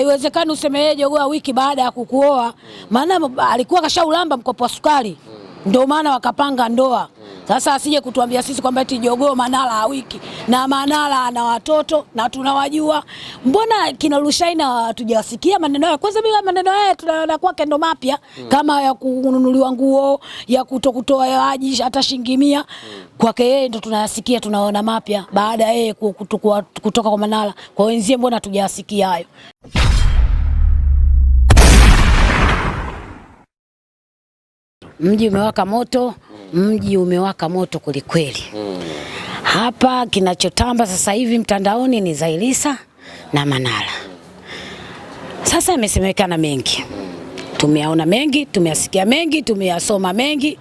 Haiwezekani usemeeje jogoa wiki baada ya kukuoa, maana alikuwa kashaulamba mkopo wa sukari, ndio maana wakapanga ndoa. Sasa asije kutuambia sisi kwamba eti jogoo Manara hawiki na Manara ana watoto na tunawajua. Mbona kina Rushaina hatujawasikia maneno yao? Kwanza bila maneno yao tunaona kwake ndo mapya mm. kama ya kununuliwa nguo ya kutokutoa aji hata shilingi mia kwake yeye ndo tunayasikia tunaona mapya baada ya yeye kutoka kwa Manara. Kwa wenzie mbona hatujawasikia hayo? mji umewaka moto, mji umewaka moto kwelikweli. Hapa kinachotamba sasa hivi mtandaoni ni Zailisa na Manara. Sasa yamesemekana mengi, tumeyaona mengi, tumeyasikia mengi, tumeyasoma mengi.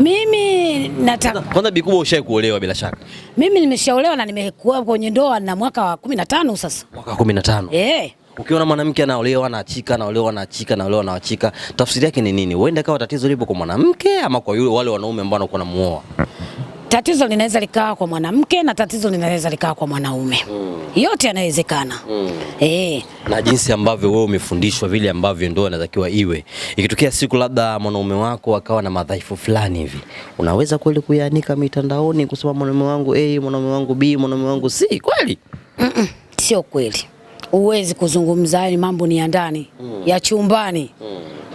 Mimi nataka kwanza, bikubwa ushae kuolewa bila shaka. Mimi nimeshaolewa na nimekuwa kwenye ndoa na mwaka wa 15 sasa, mwaka wa 15 eh Ukiona mwanamke anaolewa na chika anaolewa na chika anaolewa na chika, tafsiri yake ni nini? Huenda kawa tatizo lipo kwa mwanamke ama kwa yule wale wanaume ambao wanakuwa namuoa. Tatizo linaweza likawa kwa mwanamke na tatizo linaweza likawa kwa mwanaume hmm. Yote yanawezekana hmm. E. Na jinsi ambavyo wewe umefundishwa vile ambavyo ndoa inatakiwa iwe, ikitokea siku labda mwanaume wako akawa na madhaifu fulani hivi, unaweza kweli kuyaanika mitandaoni kusema mwanaume wangu A, mwanaume wangu B, mwanaume wangu C? Kweli mm -mm. Sio kweli huwezi kuzungumza, yani mambo ni ya ndani mm. ya chumbani mm.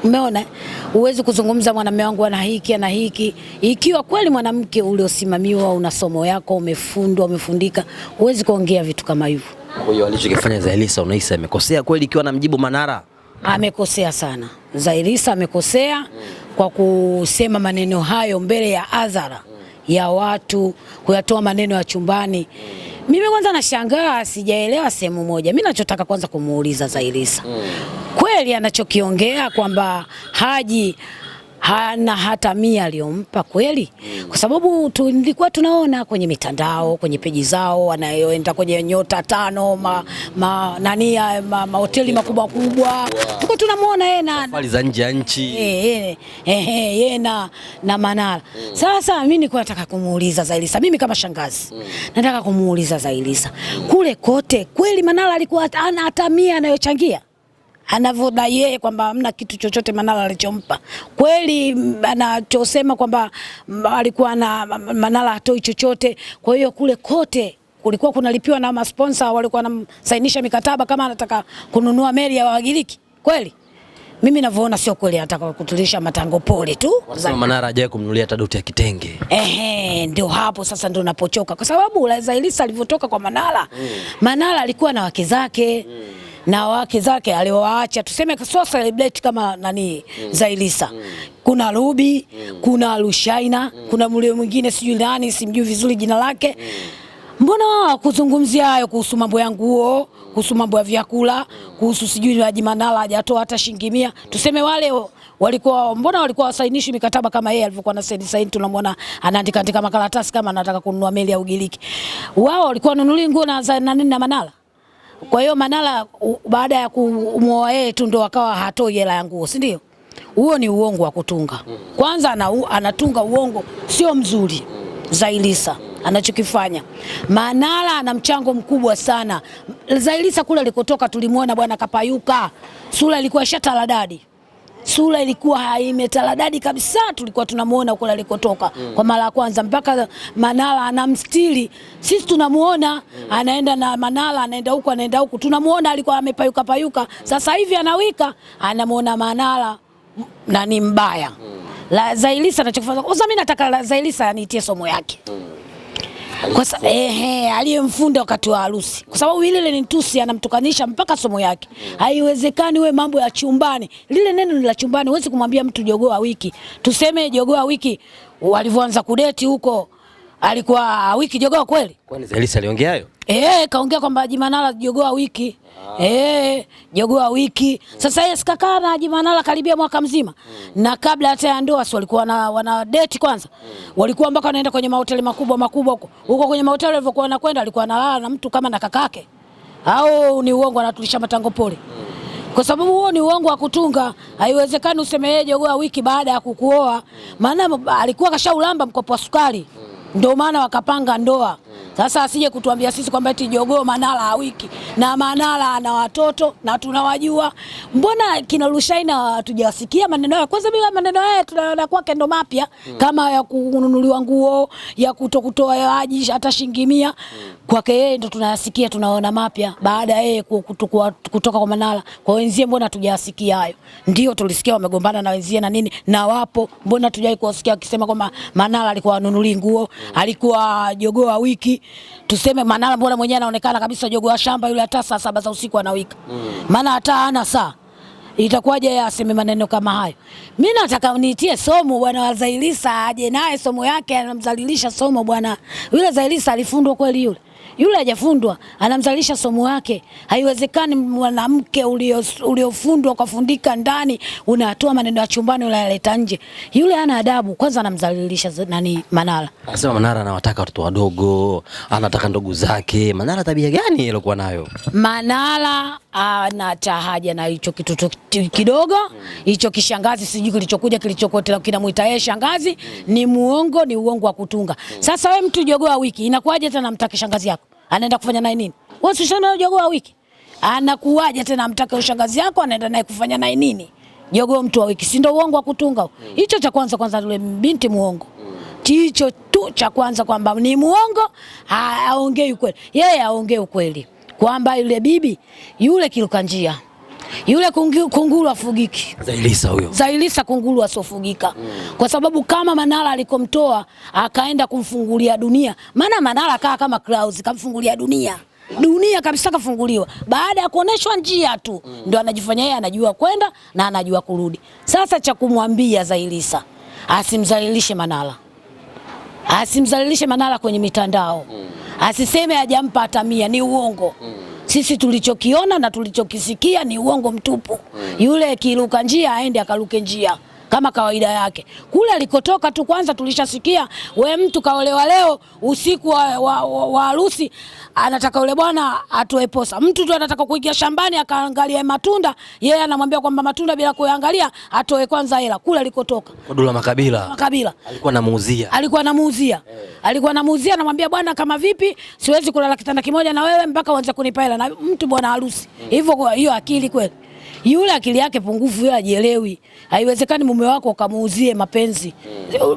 Umeona, huwezi kuzungumza mwanamume wangu ana hiki ana hiki. Ikiwa kweli mwanamke uliosimamiwa, una somo yako, umefundwa, umefundika, huwezi kuongea vitu kama hivyo. Kwa hiyo alichokifanya Zailisa unaisa amekosea kweli, ikiwa anamjibu Manara amekosea sana. Zailisa amekosea mm. kwa kusema maneno hayo mbele ya hadhara mm. ya watu, kuyatoa maneno ya chumbani mm. Mimi kwanza nashangaa, sijaelewa sehemu moja. Mimi nachotaka kwanza kumuuliza Zailisa mm. kweli anachokiongea kwamba Haji hana hata mia aliyompa kweli, mm. kwa sababu tulikuwa tunaona kwenye mitandao, kwenye peji zao wanayoenda kwenye nyota tano ma, ma, nani ma, mahoteli makubwa kubwa, tulikuwa tunamwona yeye na safari za nje ya nchi eh, eh, eh, yeye na na Manara. Mm. Sasa mimi nilikuwa nataka kumuuliza Zailisa, mimi kama shangazi mm. nataka kumuuliza Zailisa, kule kote kweli Manara alikuwa hana hata mia anayochangia? anavyodai yeye kwamba hamna kitu chochote Manara alichompa. Kweli anachosema kwamba mm, alikuwa na mm, Manara hatoi chochote, kwa hiyo kule kote kulikuwa kunalipiwa na masponsa, walikuwa wanamsainisha mikataba kama anataka kununua meli ya Wagiriki kweli mimi navyoona sio kweli, anataka kutulisha matango pole tu. Manara hajawahi kumnunulia hata doti ya kitenge. Ehe, ndio hapo sasa ndio napochoka kwa sababu Zailisa alivyotoka kwa Manara mm. Manara alikuwa na wake zake mm. na wake zake aliowaacha tuseme sio celebrate kama nani mm. Zailisa mm. kuna Ruby mm. kuna lushaina mm. kuna mlio mwingine sijui nani simjui vizuri jina lake mm mbona wao wakuzungumzia hayo kuhusu mambo ya nguo, kuhusu mambo ya vyakula, kuhusu sijui Haji Manara hajatoa hata shilingi mia. Tuseme wale walikuwa mbona walikuwa wasainishi mikataba kama yeye alivyokuwa anasaini saini, tunamwona anaandika andika makaratasi kama anataka kununua meli ya Ugiriki. Wao walikuwa wanunuli nguo na za nani na Manara. Kwa hiyo Manara baada ya kumwoa yeye tu ndo akawa hatoi hela ya nguo, si ndio? Huo ni uongo wa kutunga. Kwanza anatunga uongo sio mzuri. Zailisa anachokifanya Manara ana mchango mkubwa sana. Zailisa kule alikotoka tulimwona bwana kapayuka, sura ilikuwa ishataradadi, sura ilikuwa imetaradadi kabisa, tulikuwa tunamwona kule alikotoka mm. kwa mara ya kwanza, mpaka Manara anamstiri sisi tunamwona mm. anaenda na Manara anaenda huku anaenda huku, tunamwona alikuwa amepayuka payuka, sasa hivi anawika, anamwona Manara nani mbaya mm. La Zailisa anachokifanya kwanza, mimi nataka la Zailisa anitie somo yake. Hmm. Kwa sababu eh, aliyemfunda wakati wa harusi. Kwa sababu ile ni tusi anamtukanisha mpaka somo yake. Hmm. Haiwezekani we mambo ya chumbani. Lile neno ni la chumbani, huwezi kumwambia mtu jogoa wiki. Tuseme jogoa wiki walivyoanza kudeti huko alikuwa wiki jogoa kweli? Kwani Zailisa aliongea hayo? Eh, kaongea kwamba Haji Manara jogoa wiki. Ah. Eh, jogoa wiki. Hmm. Sasa yeye sikakaa na Haji Manara karibia mwaka mzima. Hmm. Na kabla hata ya ndoa si walikuwa na wana date kwanza. Hmm. Walikuwa mpaka wanaenda kwenye mahoteli makubwa makubwa huko. Huko kwenye mahoteli walivyokuwa wanakwenda alikuwa analala na mtu kama na kakake. Au ni uongo anatulisha matango pole. Kwa sababu huo ni uongo wa kutunga. Haiwezekani useme yeye jogoa wiki baada ya kukuoa. Maana alikuwa kashaulamba mkopo wa sukari. Ndio maana wakapanga ndoa. Sasa asije kutuambia sisi kwamba eti jogoo Manara hawiki na Manara ana watoto na tunawajua. Mbona kina Rushaina hatujawasikia maneno yao? Kwanza mimi maneno haya tunaona kwake ndo mapya, hmm. kama ya kununuliwa nguo ya kutokutoa aji hata shilingi 100 kwake yeye ndo tunayasikia tunaona mapya baada ya yeye kutoka kwa Manara. Kwa wenzie mbona hatujayasikia hayo? Ndio tulisikia wamegombana na wenzie na nini na wapo, mbona tujai kuwasikia wakisema kwamba Manara alikuwa anunuli nguo, alikuwa jogoo wa wiki. Tuseme Manara mbona mwenyewe anaonekana kabisa jogoo wa shamba yule, hata saa saba za usiku anawika, mm. maana hata ana saa Itakuwaje yeye aseme maneno kama hayo? Mi nataka nitie somo bwana wa Zailisa aje naye somo yake, anamzalilisha somo bwana. Yule Zailisa alifundwa kweli yule? yule hajafundwa, anamzalisha somo yake. Haiwezekani mwanamke uliofundwa ukafundika ndani unatoa maneno ya chumbani unayaleta nje. Yule ana adabu, kwanza anamzalilisha nani? Manara anasema Manara anawataka watoto wadogo, anataka ndugu zake. Manara tabia gani aliyokuwa nayo Manara? ana na tahaja na hicho kitu kidogo hmm. hicho Kishangazi sijui kilichokuja kilichokotela kinamuita yeye shangazi hmm. Ni muongo, ni uongo wa kutunga hmm. Sasa wewe mtu jogoo wa wiki inakuwaje tena mtake shangazi yako anaenda kufanya naye nini? Wewe shangazi jogoo wa wiki anakuwaje tena mtake shangazi yako anaenda naye kufanya naye nini? Jogoo mtu wa wiki, si ndio uongo wa kutunga hicho Cha kwanza kwanza yule binti muongo hicho Tu cha kwanza kwamba ni muongo, aongee ukweli yeye, aongee ukweli kwamba yule bibi yule kiruka njia yule kunguru afugiki Zailisa huyo. Zailisa kunguru asofugika mm. Kwa sababu kama Manara alikomtoa akaenda kumfungulia dunia, maana Manara akaa kama Klaus kamfungulia dunia dunia kabisa kafunguliwa. Baada ya kuoneshwa njia tu mm. ndio anajifanya yeye anajua kwenda na anajua kurudi. Sasa cha kumwambia Zailisa asimzalilishe Manara, asimzalilishe Manara kwenye mitandao mm asiseme hajampa hata mia, ni uongo mm. Sisi tulichokiona na tulichokisikia ni uongo mtupu mm. Yule kiruka njia aende akaruke njia kama kawaida yake. Kule alikotoka tu kwanza tulishasikia we mtu kaolewa leo usiku wa harusi anataka yule bwana atoe posa. Mtu tu anataka kuingia shambani akaangalia matunda, yeye anamwambia kwamba matunda bila kuangalia atoe kwanza hela. Kule alikotoka. Kwa Dula Makabila. Makabila. Alikuwa anamuuzia. Alikuwa anamuuzia. Hey. Eh. Alikuwa anamuuzia anamwambia bwana, kama vipi siwezi kulala kitanda kimoja na wewe mpaka uanze kunipa hela na mtu bwana harusi. Mm. Hivyo hmm. hiyo akili kweli. Yule akili yake pungufu, yule ajielewi. Haiwezekani mume wako ukamuuzie mapenzi.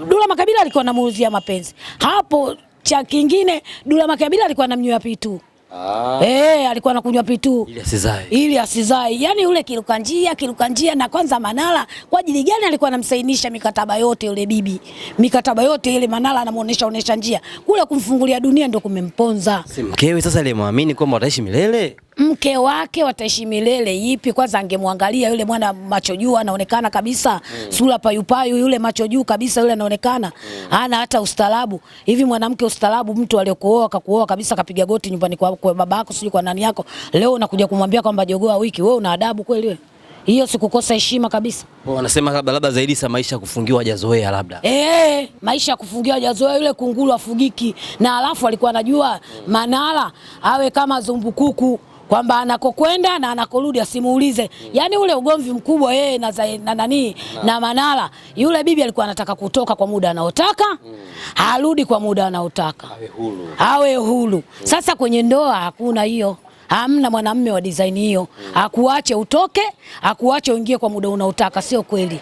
Dula Makabila alikuwa anamuuzia mapenzi hapo. Cha kingine Dula Makabila alikuwa anamnywea pitu Ah. Hey, eh, alikuwa anakunywa pitu ili asizae, ili asizae. Yaani yule kiruka njia kiruka njia. Na kwanza Manara kwa ajili gani alikuwa anamsainisha mikataba yote yule bibi, mikataba yote ile Manara anamuonesha onesha njia, kule kumfungulia dunia ndio kumemponza. Si mkewe sasa aliyemwamini kwamba wataishi milele mke wake wataishi milele ipi? Kwanza angemwangalia yule mwana macho juu, anaonekana kabisa mm. sura payupayu, yule macho juu kabisa, yule anaonekana mm. ana hata ustaarabu hivi. Mwanamke ustaarabu, mtu aliyokuoa akakuoa kabisa, kapiga goti nyumbani kwa, kwa babako sijui kwa nani yako, leo unakuja kumwambia kwamba jogoa wiki, wewe una adabu kweli wewe? Hiyo sikukosa heshima kabisa. Wanasema labda labda zaidi sa maisha kufungiwa hajazoea labda. Eh, maisha kufungiwa hajazoea yule kunguru afugiki, na alafu alikuwa anajua mm. Manara awe kama zumbukuku kwamba anakokwenda na anakorudi asimuulize. Mm. Yaani ule ugomvi mkubwa yeye na na nani na, na Manara, yule bibi alikuwa anataka kutoka kwa muda anaotaka mm. arudi kwa muda anaotaka awe huru, awe huru. Mm. Sasa kwenye ndoa hakuna hiyo. Hamna mwanamme wa design hiyo akuache utoke, akuache uingie kwa muda unaotaka, sio kweli.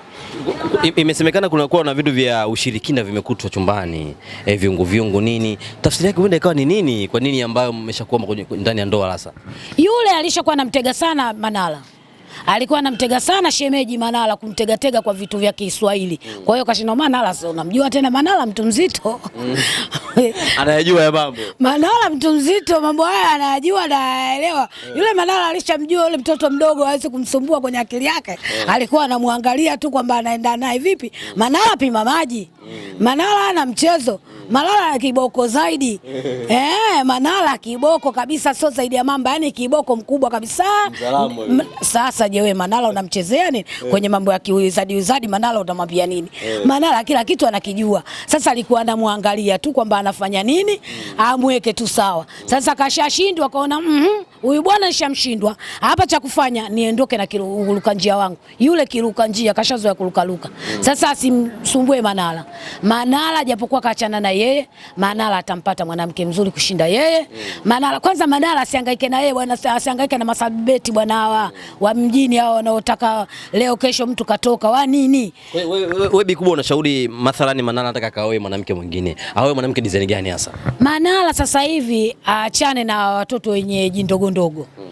Imesemekana kunakuwa na vitu vya ushirikina vimekutwa chumbani, e, viungu viungu nini, tafsiri yake huenda ikawa ni nini? Kwa nini ambayo mmeshakuwa ndani ya ndoa? Sasa yule alishakuwa na mtega sana Manara alikuwa anamtega sana shemeji Manara, kumtegatega kwa vitu vya Kiswahili. Mm. Kwa hiyo kashinda Manara, sasa unamjua tena Manara mtu mzito mm. anayajua ya mambo. Manara mtu mzito mambo haya anayajua na anaelewa. Mm. Yule Manara alishamjua yule mtoto mdogo aweze kumsumbua kwenye akili yake, alikuwa anamwangalia tu kwamba anaenda naye vipi. Manara pima maji, Manara ana mchezo Malala ya kiboko zaidi eh, Manala kiboko kabisa, sio zaidi ya mamba, yani kiboko mkubwa kabisa. Sasa je, wewe Manala unamchezea nini eh. kwenye mambo ya kiuzadi uzadi? Manala utamwambia nini? Eh. Manala kila kitu anakijua. Sasa alikuwa anamwangalia tu kwamba anafanya nini, mm. amweke tu sawa. Sasa kashashindwa, kaona mhm, huyu bwana nishamshindwa hapa, cha kufanya niondoke na kiruka njia wangu. Yule kiruka njia kashazoea luka, mm. sasa asimsumbue Manala. Manala japokuwa kaachana na yeye. Manara atampata mwanamke mzuri kushinda yeye. Mm. Manara kwanza, Manara asihangaike na yeye bwana, asihangaike na masabeti bwana, hawa wa mjini hao wanaotaka leo kesho mtu katoka wa nini. Wewe we, Kubwa unashauri mathalani Manara anataka kaoe mwanamke mwingine, aoe mwanamke design gani hasa? Manara sasa hivi aachane na watoto wenye jindogondogo mm.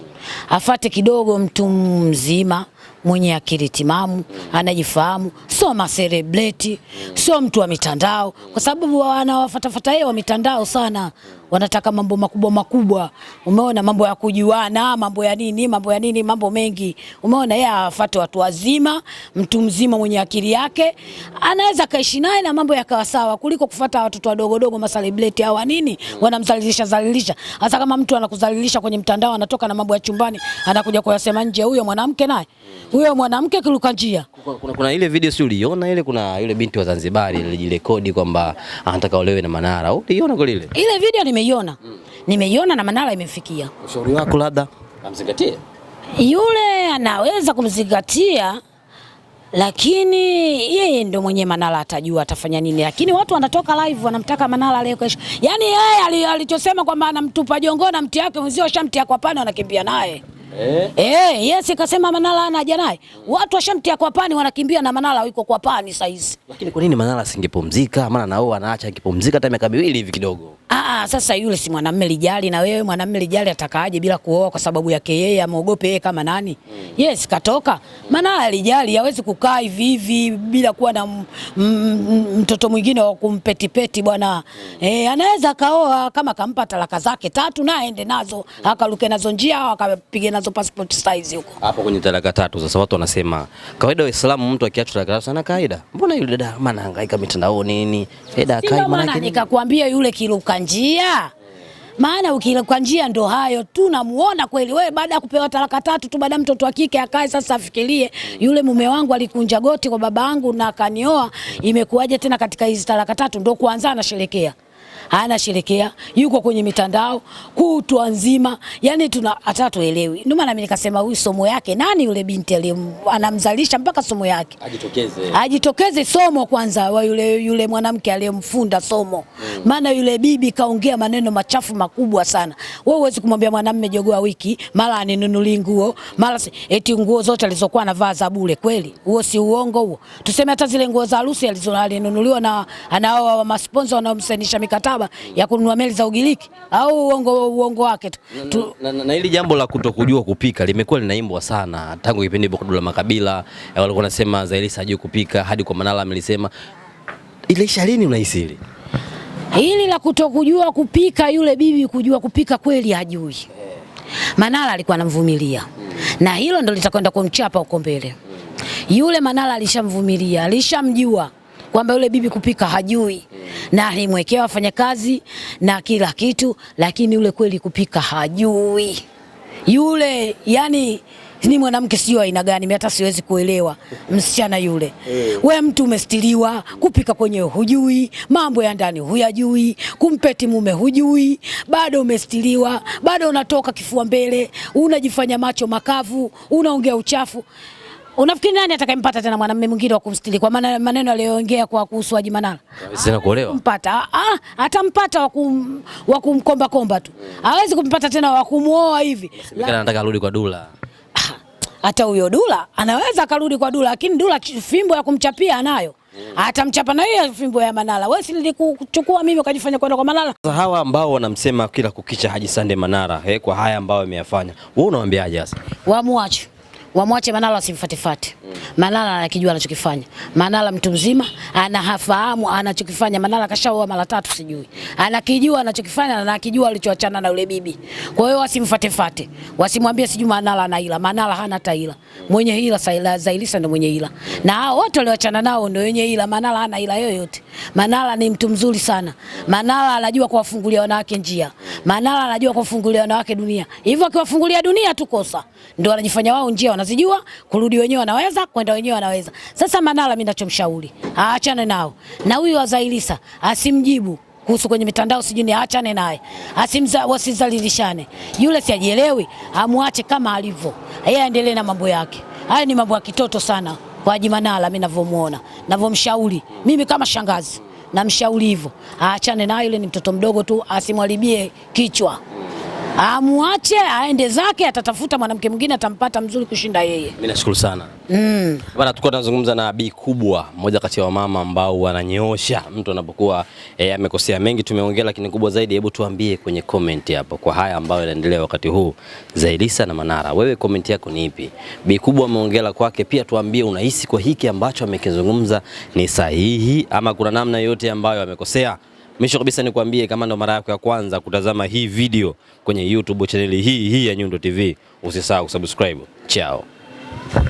afate kidogo mtu mzima mwenye akili timamu, anajifahamu, sio maselebreti, sio mtu wa mitandao, kwa sababu wanawafatafata yeye wa mitandao sana, wanataka mambo makubwa makubwa, umeona, mambo ya kujuana, mambo ya nini, mambo ya nini, mambo mengi, umeona. Yeye afuate watu wazima, mtu mzima mwenye akili yake, anaweza kaishi naye na mambo yakawa sawa, kuliko kufata watoto wadogo dogo, maselebreti au nini, wanamzalilisha zalilisha. Hasa kama mtu anakuzalilisha kwenye mtandao, anatoka na mambo ya chumbani, anakuja kuyasema nje, huyo mwanamke naye huyo mwanamke kiruka njia. Kuna, kuna, ile video si uliona ile, kuna yule binti wa Zanzibar alijirekodi kwamba anataka olewe na Manara, uliona kwa ile ile video? Nimeiona, hmm. nimeiona na Manara imefikia. Ushauri wako labda amzingatie yule, anaweza kumzingatia lakini yeye ndo mwenye Manara atajua atafanya nini, lakini watu wanatoka live wanamtaka Manara leo kesho. Yaani yeye alichosema kwamba anamtupa jongo na mti wake mzio shamtia kwa pana, wanakimbia naye. Eh, eh yes kasema Manara ana haja naye. Watu washamtia kwa pani wanakimbia na Manara yuko kwa pani hizi. Lakini kwa nini Manara asingepumzika? Maana nao anaacha akipumzika hata miaka miwili hivi kidogo. Ah, ah, sasa yule si mwanamume lijali, na wewe mwanamume lijali atakaaje bila kuoa kwa sababu yake yeye, amuogope yeye kama nani? mm. Yes, katoka maana alijali, hawezi kukaa hivi hivi bila kuwa na mtoto mwingine wa kumpetipeti bwana. Mm. Eh, anaweza kaoa kama kampa talaka zake tatu na aende nazo mm. akaruke nazo njia au akapige nazo passport size huko. Hapo kwenye talaka tatu sasa watu wanasema kawaida Waislamu mtu akiacha talaka tatu sana kaida. Mbona yule dada maana hangaika mitandaoni nini? Eda eh, kai maana nikakwambia yule kiruka njia maana ukila kwa njia ndo hayo tu, namuona kweli wewe. Baada ya kupewa talaka tatu tu, baada mtoto wa kike akae sasa, afikirie yule mume wangu alikunja goti kwa baba yangu na akanioa, imekuwaje tena katika hizi talaka tatu ndo kuanza anasherekea anasherekea, yuko kwenye mitandao kutwa nzima, yani tuna hata tuelewi. Ndio maana mimi nikasema huyu somo yake nani, yule binti anamzalisha mpaka somo yake ajitokeze, ajitokeze somo kwanza wa yule, yule mwanamke aliyemfunda somo mm. Maana yule bibi kaongea maneno machafu makubwa sana. Wewe huwezi kumwambia mwanamume jogoa wiki, mara aninunuli nguo, mara eti nguo zote alizokuwa anavaa za bure. Kweli huo si uongo huo? Tuseme hata zile nguo za harusi alizonunuliwa na anao wa masponsa wanaomsainisha mikataba mkataba ya kununua meli za Ugiriki au uongo, uongo wake tu na, na, na, na hili jambo la kutokujua kupika limekuwa linaimbwa sana tangu kipindi cha Abdullah Makabila, eh, walikuwa wanasema Zailisa hajui kupika hadi kwa Manala amelisema ile ishalini unahisi hili hili la kutokujua kupika, yule bibi kujua kupika kweli hajui. Manala alikuwa anamvumilia na hilo ndo litakwenda kumchapa huko mbele. Yule Manala alishamvumilia, alishamjua kwamba yule bibi kupika hajui na alimwekea wafanyakazi na kila kitu, lakini yule kweli kupika hajui yule, yani ni mwanamke sio aina gani, mimi hata siwezi kuelewa msichana yule. Eh. We mtu umestiriwa, kupika kwenyewe hujui, mambo ya ndani huyajui, kumpeti mume hujui, bado umestiriwa, bado unatoka kifua mbele, unajifanya macho makavu, unaongea uchafu. Unafikiri nani atakayempata tena mwanamume mwingine wa kumstiri kwa maana maneno aliyoongea kwa kuhusu Haji Manara? Sina kuolewa. Mpata, ah, atampata wa kum wa kumkomba komba tu. Hawezi kumpata tena wa kumuoa hivi. Mimi nataka arudi kwa Dula. Ah, hata huyo Dula anaweza akarudi kwa Dula, lakini Dula fimbo ya kumchapia anayo. Atamchapa na hiyo fimbo ya Manara. Wewe si nilikuchukua mimi ukajifanya kwenda kwa Manara. Sasa hawa ambao wanamsema kila kukicha Haji Sande Manara, eh, kwa haya ambayo ameyafanya. Wewe unawaambiaje sasa? Waamuache wamwache Manara asimfatefate. Manara anakijua anachokifanya. Manara mtu mzima, anafahamu anachokifanya. Manara kashaoa mara tatu sijui. Anakijua anachokifanya na anakijua alichoachana na yule bibi. Kwa hiyo wasimfatefate. Wasimwambie sijui Manara ana hila. Manara hana hata hila. Mwenye hila Zailisa ndio mwenye hila. Na hao wote walioachana nao ndio wenye hila. Manara hana hila yoyote. Manara ni mtu mzuri sana. Manara anajua kuwafungulia wanawake njia. Manara anajua kuwafungulia wanawake dunia. Hivyo akiwafungulia dunia tukosa. Ndio anajifanya wao njia wanazijua, kurudi wenyewe wanaweza, kwenda wenyewe wanaweza. Sasa Manara, mimi ninachomshauri aachane nao, na huyu Azailisa asimjibu kuhusu kwenye mitandao sijui ni aachane naye, asimza wasizalilishane. Yule si ajielewi, amwache kama alivyo, yeye aendelee na mambo yake. Haya ni mambo ya kitoto sana kwa Haji Manara, mimi ninavyomuona, ninavyomshauri mimi kama shangazi namshauri hivyo, aachane naye. Yule ni mtoto mdogo tu, asimharibie kichwa amuache aende zake, atatafuta mwanamke mwingine atampata mzuri kushinda yeye. Mimi nashukuru sana mm. Bana, tulikuwa tunazungumza na Bi Kubwa, mmoja kati ya wamama ambao wananyoosha mtu anapokuwa e, amekosea. Mengi tumeongea, lakini kubwa zaidi, hebu tuambie kwenye comment hapo kwa haya ambayo yanaendelea wakati huu Zailisa na Manara, wewe comment yako ni ipi? Bi Kubwa ameongea kwake, pia tuambie unahisi kwa hiki ambacho amekizungumza ni sahihi ama kuna namna yote ambayo amekosea. Mwisho kabisa nikwambie, kama ndo mara yako ya kwanza kutazama hii video kwenye YouTube chaneli hii hii ya Nyundo TV, usisahau kusubscribe. Chao.